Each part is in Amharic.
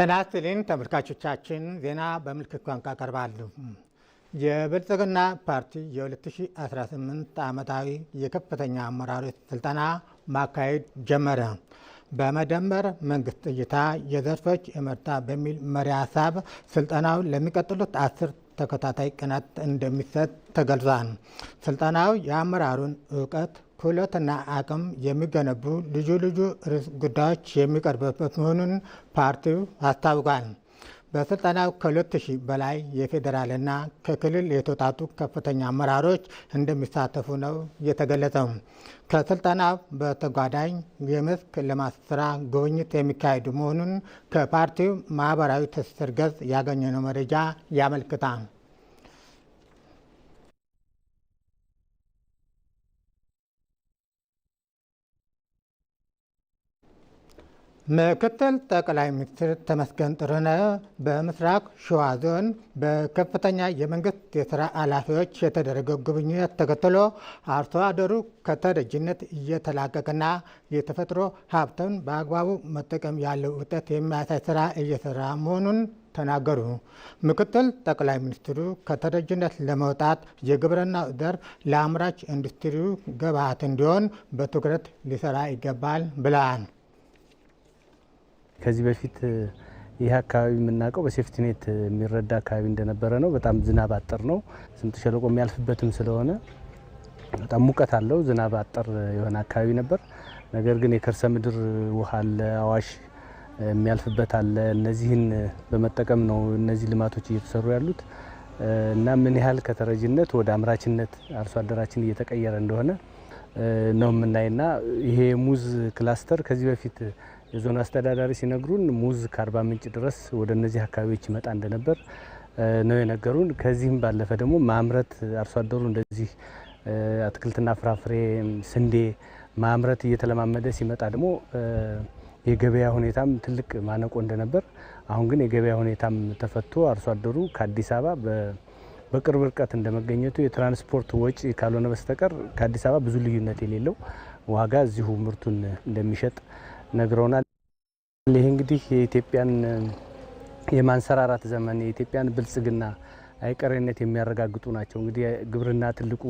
ጤና ይስጥልኝ ተመልካቾቻችን፣ ዜና በምልክት ቋንቋ ቀርባሉ። የብልጽግና ፓርቲ የ2018 ዓመታዊ የከፍተኛ አመራሮች ስልጠና ማካሄድ ጀመረ። በመደመር መንግስት እይታ የዘርፎች እመርታ በሚል መሪ ሀሳብ ስልጠናው ለሚቀጥሉት አስር ተከታታይ ቀናት እንደሚሰጥ ተገልጿል። ስልጠናው የአመራሩን እውቀት ክህሎትና አቅም የሚገነቡ ልዩ ልዩ ርዕስ ጉዳዮች የሚቀርብበት መሆኑን ፓርቲው አስታውቋል። በስልጠናው ከሁለት ሺህ በላይ የፌዴራልና ከክልል የተውጣጡ ከፍተኛ አመራሮች እንደሚሳተፉ ነው የተገለጸው። ከስልጠናው በተጓዳኝ የመስክ ልማት ስራ ጉብኝት የሚካሄዱ መሆኑን ከፓርቲው ማህበራዊ ትስስር ገጽ ያገኘነው መረጃ ያመልክታል። ምክትል ጠቅላይ ሚኒስትር ተመስገን ጥሩነህ በምስራቅ ሸዋ ዞን በከፍተኛ የመንግስት የስራ ኃላፊዎች የተደረገው ጉብኝት ተከትሎ አርሶ አደሩ ከተረጅነት እየተላቀቀና የተፈጥሮ ሀብትን በአግባቡ መጠቀም ያለው ውጤት የሚያሳይ ስራ እየሰራ መሆኑን ተናገሩ። ምክትል ጠቅላይ ሚኒስትሩ ከተረጅነት ለመውጣት የግብርና ዘርፍ ለአምራች ኢንዱስትሪው ግብዓት እንዲሆን በትኩረት ሊሰራ ይገባል ብለዋል። ከዚህ በፊት ይህ አካባቢ የምናውቀው በሴፍቲኔት የሚረዳ አካባቢ እንደነበረ ነው። በጣም ዝናብ አጠር ነው። ስምጥ ሸለቆ የሚያልፍበትም ስለሆነ በጣም ሙቀት አለው። ዝናብ አጠር የሆነ አካባቢ ነበር። ነገር ግን የከርሰ ምድር ውሃ አለ፣ አዋሽ የሚያልፍበት አለ። እነዚህን በመጠቀም ነው እነዚህ ልማቶች እየተሰሩ ያሉት እና ምን ያህል ከተረጅነት ወደ አምራችነት አርሶ አደራችን እየተቀየረ እንደሆነ ነው የምናይና ይሄ ሙዝ ክላስተር ከዚህ በፊት የዞኑ አስተዳዳሪ ሲነግሩን ሙዝ ከአርባ ምንጭ ድረስ ወደ እነዚህ አካባቢዎች ይመጣ እንደነበር ነው የነገሩን። ከዚህም ባለፈ ደግሞ ማምረት አርሶ አደሩ እንደዚህ አትክልትና ፍራፍሬ፣ ስንዴ ማምረት እየተለማመደ ሲመጣ ደግሞ የገበያ ሁኔታም ትልቅ ማነቆ እንደነበር፣ አሁን ግን የገበያ ሁኔታም ተፈቶ አርሶ አደሩ ከአዲስ አበባ በቅርብ ርቀት እንደመገኘቱ የትራንስፖርት ወጪ ካልሆነ በስተቀር ከአዲስ አበባ ብዙ ልዩነት የሌለው ዋጋ እዚሁ ምርቱን እንደሚሸጥ ነግረውናል። ይህ እንግዲህ የኢትዮጵያን የማንሰራራት ዘመን የኢትዮጵያን ብልጽግና አይቀሬነት የሚያረጋግጡ ናቸው። እንግዲህ ግብርና ትልቁ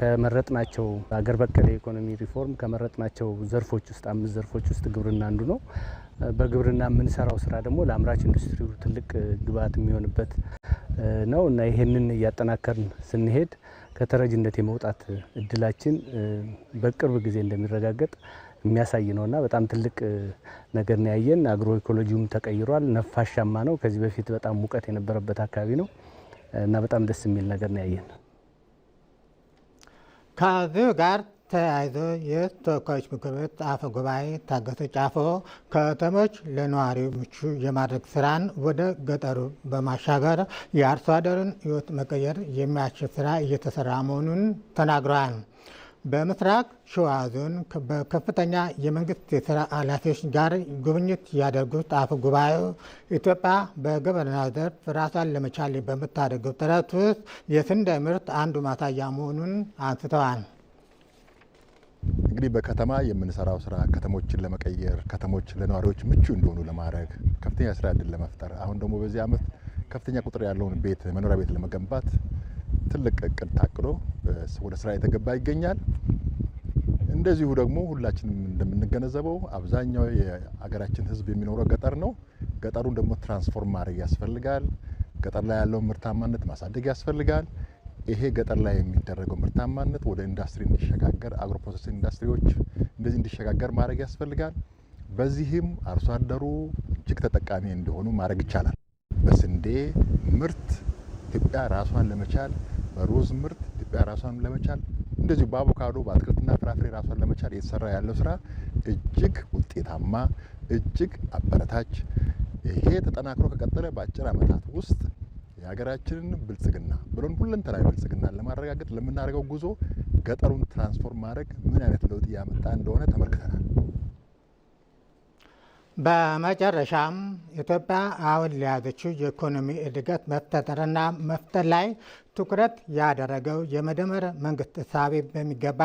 ከመረጥናቸው አገር በቀል የኢኮኖሚ ሪፎርም ከመረጥናቸው ዘርፎች ውስጥ አምስት ዘርፎች ውስጥ ግብርና አንዱ ነው። በግብርና የምንሰራው ስራ ደግሞ ለአምራች ኢንዱስትሪው ትልቅ ግብዓት የሚሆንበት ነው እና ይህንን እያጠናከርን ስንሄድ ከተረጅነት የመውጣት እድላችን በቅርብ ጊዜ እንደሚረጋገጥ የሚያሳይ እና በጣም ትልቅ ነገር ነው ያየን። አግሮ ኢኮሎጂውም ተቀይሯል። ነፋሻማ ነው። ከዚህ በፊት በጣም ሙቀት የነበረበት አካባቢ ነው እና በጣም ደስ የሚል ነገር ነው ያየን። ከዚህ ጋር ተያይዞ የተወካዮች ምክር ቤት አፈ ጉባኤ ታገሰ ጫፎ ከተሞች ለነዋሪ ምቹ የማድረግ ስራን ወደ ገጠሩ በማሻገር የአርሶ አደርን ሕይወት መቀየር የሚያስችል ስራ እየተሰራ መሆኑን ተናግረዋል። በምስራቅ ሸዋ ዞን በከፍተኛ የመንግስት የስራ ኃላፊዎች ጋር ጉብኝት ያደርጉት አፈ ጉባኤው ኢትዮጵያ በግብርና ዘርፍ ራሷን ለመቻል በምታደርገው ጥረት ውስጥ የስንዴ ምርት አንዱ ማሳያ መሆኑን አንስተዋል። እንግዲህ በከተማ የምንሰራው ስራ ከተሞችን ለመቀየር ከተሞች ለነዋሪዎች ምቹ እንደሆኑ ለማድረግ ከፍተኛ ስራ እድል ለመፍጠር አሁን ደግሞ በዚህ ዓመት ከፍተኛ ቁጥር ያለውን ቤት መኖሪያ ቤት ለመገንባት ትልቅ እቅድ ታቅዶ ወደ ስራ የተገባ ይገኛል። እንደዚሁ ደግሞ ሁላችንም እንደምንገነዘበው አብዛኛው የሀገራችን ህዝብ የሚኖረው ገጠር ነው። ገጠሩን ደግሞ ትራንስፎርም ማድረግ ያስፈልጋል። ገጠር ላይ ያለውን ምርታማነት ማሳደግ ያስፈልጋል። ይሄ ገጠር ላይ የሚደረገው ምርታማነት ወደ ኢንዱስትሪ እንዲሸጋገር አግሮ ኢንዱስትሪዎች እንደዚህ እንዲሸጋገር ማድረግ ያስፈልጋል። በዚህም አርሶ አደሩ እጅግ ተጠቃሚ እንዲሆኑ ማድረግ ይቻላል። በስንዴ ምርት ኢትዮጵያ ራሷን ለመቻል በሩዝ ምርት ኢትዮጵያ ራሷን ለመቻል እንደዚሁ በአቮካዶ በአትክልትና ፍራፍሬ ራሷን ለመቻል እየተሰራ ያለው ስራ እጅግ ውጤታማ፣ እጅግ አበረታች። ይሄ ተጠናክሮ ከቀጠለ በአጭር ዓመታት ውስጥ የሀገራችንን ብልጽግና ብሎን ሁለንተናዊ ብልጽግና ለማረጋገጥ ለምናደርገው ጉዞ ገጠሩን ትራንስፎርም ማድረግ ምን አይነት ለውጥ እያመጣ እንደሆነ ተመልክተናል። በመጨረሻም ኢትዮጵያ አሁን ለያዘችው የኢኮኖሚ እድገት መፈጠርና መፍጠር ላይ ትኩረት ያደረገው የመደመር መንግስት እሳቤ በሚገባ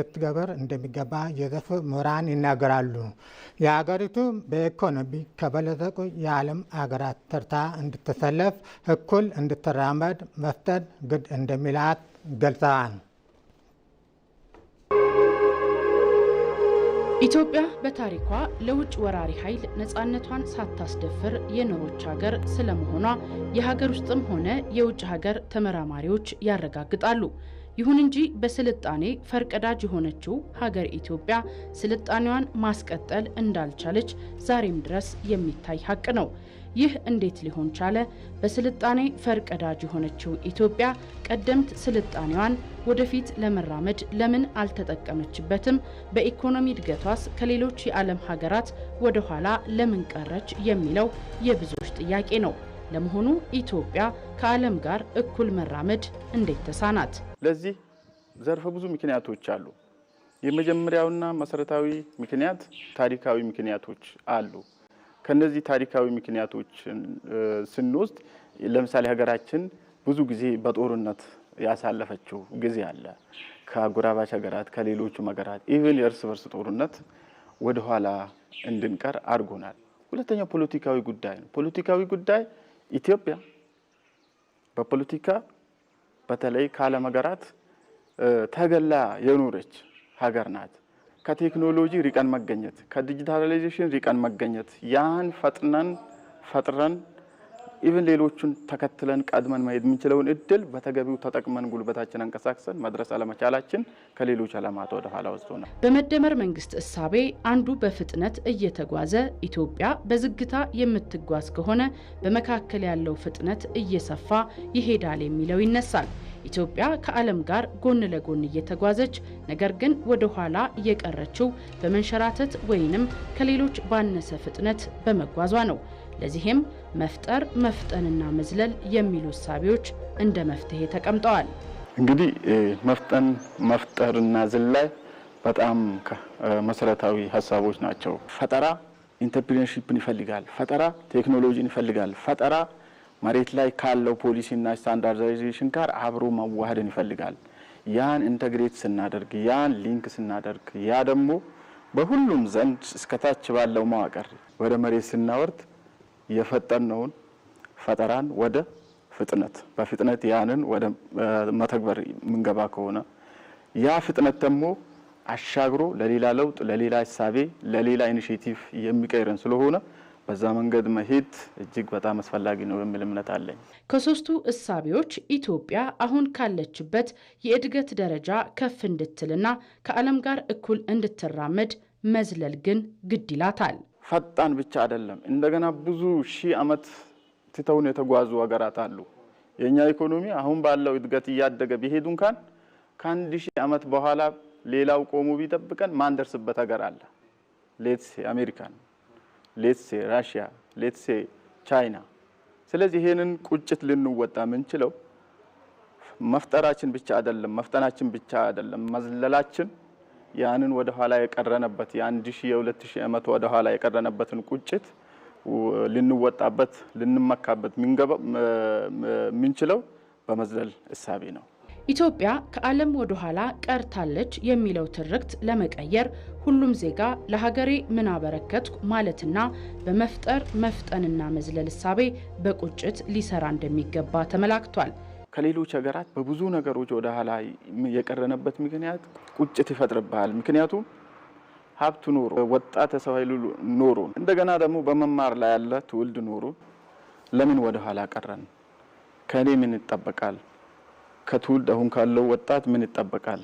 ልትገብር እንደሚገባ የዘርፉ ምሁራን ይናገራሉ። የሀገሪቱ በኢኮኖሚ ከበለጸቁ የዓለም አገራት ተርታ እንድትሰለፍ እኩል እንድትራመድ መፍጠር ግድ እንደሚላት ገልጸዋል። ኢትዮጵያ በታሪኳ ለውጭ ወራሪ ኃይል ነፃነቷን ሳታስደፍር የኖሮች ሀገር ስለመሆኗ የሀገር ውስጥም ሆነ የውጭ ሀገር ተመራማሪዎች ያረጋግጣሉ። ይሁን እንጂ በስልጣኔ ፈርቀዳጅ የሆነችው ሀገር ኢትዮጵያ ስልጣኔዋን ማስቀጠል እንዳልቻለች ዛሬም ድረስ የሚታይ ሀቅ ነው። ይህ እንዴት ሊሆን ቻለ? በስልጣኔ ፈርቀዳጅ የሆነችው ኢትዮጵያ ቀደምት ስልጣኔዋን ወደፊት ለመራመድ ለምን አልተጠቀመችበትም? በኢኮኖሚ እድገቷስ ከሌሎች የዓለም ሀገራት ወደኋላ ለምን ቀረች? የሚለው የብዙዎች ጥያቄ ነው። ለመሆኑ ኢትዮጵያ ከዓለም ጋር እኩል መራመድ እንዴት ተሳናት? ለዚህ ዘርፈ ብዙ ምክንያቶች አሉ። የመጀመሪያውና መሰረታዊ ምክንያት ታሪካዊ ምክንያቶች አሉ። ከነዚህ ታሪካዊ ምክንያቶች ስንወስድ ለምሳሌ ሀገራችን ብዙ ጊዜ በጦርነት ያሳለፈችው ጊዜ አለ። ከአጎራባች ሀገራት ከሌሎቹም ሀገራት ኢቨን የእርስ በርስ ጦርነት ወደኋላ እንድንቀር አድርጎናል። ሁለተኛው ፖለቲካዊ ጉዳይ ነው። ፖለቲካዊ ጉዳይ ኢትዮጵያ በፖለቲካ በተለይ ከዓለም ሀገራት ተገላ የኖረች ሀገር ናት። ከቴክኖሎጂ ሪቀን መገኘት፣ ከዲጂታላይዜሽን ሪቀን መገኘት ያን ፈጥነን ፈጥረን ኢቭን ሌሎቹን ተከትለን ቀድመን መሄድ የምንችለውን እድል በተገቢው ተጠቅመን ጉልበታችን አንቀሳቅሰን መድረስ አለመቻላችን ከሌሎች አለማት ወደ ኋላ ነው። በመደመር መንግስት እሳቤ አንዱ በፍጥነት እየተጓዘ ኢትዮጵያ በዝግታ የምትጓዝ ከሆነ በመካከል ያለው ፍጥነት እየሰፋ ይሄዳል የሚለው ይነሳል። ኢትዮጵያ ከዓለም ጋር ጎን ለጎን እየተጓዘች ነገር ግን ወደ ኋላ እየቀረችው በመንሸራተት ወይንም ከሌሎች ባነሰ ፍጥነት በመጓዟ ነው። ለዚህም መፍጠር፣ መፍጠንና መዝለል የሚሉ እሳቤዎች እንደ መፍትሄ ተቀምጠዋል። እንግዲህ መፍጠን፣ መፍጠርና ዝላይ በጣም መሰረታዊ ሀሳቦች ናቸው። ፈጠራ ኢንተርፕሪነርሺፕን ይፈልጋል። ፈጠራ ቴክኖሎጂን ይፈልጋል። ፈጠራ መሬት ላይ ካለው ፖሊሲና ስታንዳርዳይዜሽን ጋር አብሮ መዋሃድን ይፈልጋል። ያን ኢንተግሬት ስናደርግ፣ ያን ሊንክ ስናደርግ፣ ያ ደግሞ በሁሉም ዘንድ እስከታች ባለው መዋቅር ወደ መሬት ስናወርድ የፈጠነውን ፈጠራን ወደ ፍጥነት በፍጥነት ያንን ወደ መተግበር የምንገባ ከሆነ ያ ፍጥነት ደግሞ አሻግሮ ለሌላ ለውጥ፣ ለሌላ እሳቤ፣ ለሌላ ኢኒሽቲቭ የሚቀይረን ስለሆነ በዛ መንገድ መሄድ እጅግ በጣም አስፈላጊ ነው የሚል እምነት አለኝ። ከሶስቱ እሳቤዎች ኢትዮጵያ አሁን ካለችበት የእድገት ደረጃ ከፍ እንድትልና ከዓለም ጋር እኩል እንድትራመድ መዝለል ግን ግድ ይላታል። ፈጣን ብቻ አይደለም። እንደገና ብዙ ሺህ ዓመት ትተውን የተጓዙ ሀገራት አሉ። የእኛ ኢኮኖሚ አሁን ባለው እድገት እያደገ ቢሄዱ እንኳን ከአንድ ሺህ ዓመት በኋላ ሌላው ቆሞ ቢጠብቀን ማንደርስበት ሀገር አለ። ሌትሴ አሜሪካን፣ ሌትሴ ራሽያ፣ ሌትሴ ቻይና። ስለዚህ ይሄንን ቁጭት ልንወጣ የምንችለው መፍጠራችን ብቻ አይደለም፣ መፍጠናችን ብቻ አይደለም፣ መዝለላችን ያንን ወደ ኋላ የቀረነበት የአንድ ሺህ የሁለት ዓመት ወደ ኋላ የቀረነበትን ቁጭት ልንወጣበት ልንመካበት የምንችለው በመዝለል እሳቤ ነው። ኢትዮጵያ ከዓለም ወደ ኋላ ቀርታለች የሚለው ትርክት ለመቀየር ሁሉም ዜጋ ለሀገሬ ምን አበረከትኩ ማለትና በመፍጠር መፍጠንና መዝለል እሳቤ በቁጭት ሊሰራ እንደሚገባ ተመላክቷል። ከሌሎች ሀገራት በብዙ ነገሮች ወደ ኋላ የቀረነበት ምክንያት ቁጭት ይፈጥርብሃል። ምክንያቱም ሀብት ኖሮ ወጣት ሰው ኃይሉ ኖሮ እንደገና ደግሞ በመማር ላይ ያለ ትውልድ ኖሮ ለምን ወደ ኋላ ቀረን? ከእኔ ምን ይጠበቃል? ከትውልድ አሁን ካለው ወጣት ምን ይጠበቃል?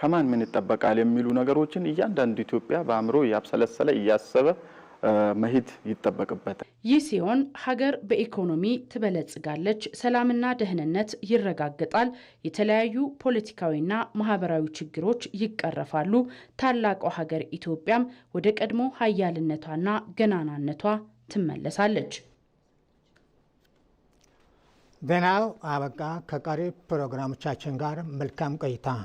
ከማን ምን ይጠበቃል? የሚሉ ነገሮችን እያንዳንዱ ኢትዮጵያ በአእምሮ እያብሰለሰለ እያሰበ መሄድ ይጠበቅበታል። ይህ ሲሆን ሀገር በኢኮኖሚ ትበለጽጋለች፣ ሰላምና ደህንነት ይረጋግጣል። የተለያዩ ፖለቲካዊና ማህበራዊ ችግሮች ይቀረፋሉ፣ ታላቋ ሀገር ኢትዮጵያም ወደ ቀድሞ ሀያልነቷና ገናናነቷ ትመለሳለች። ዜናው አበቃ። ከቀሪ ፕሮግራሞቻችን ጋር መልካም ቆይታ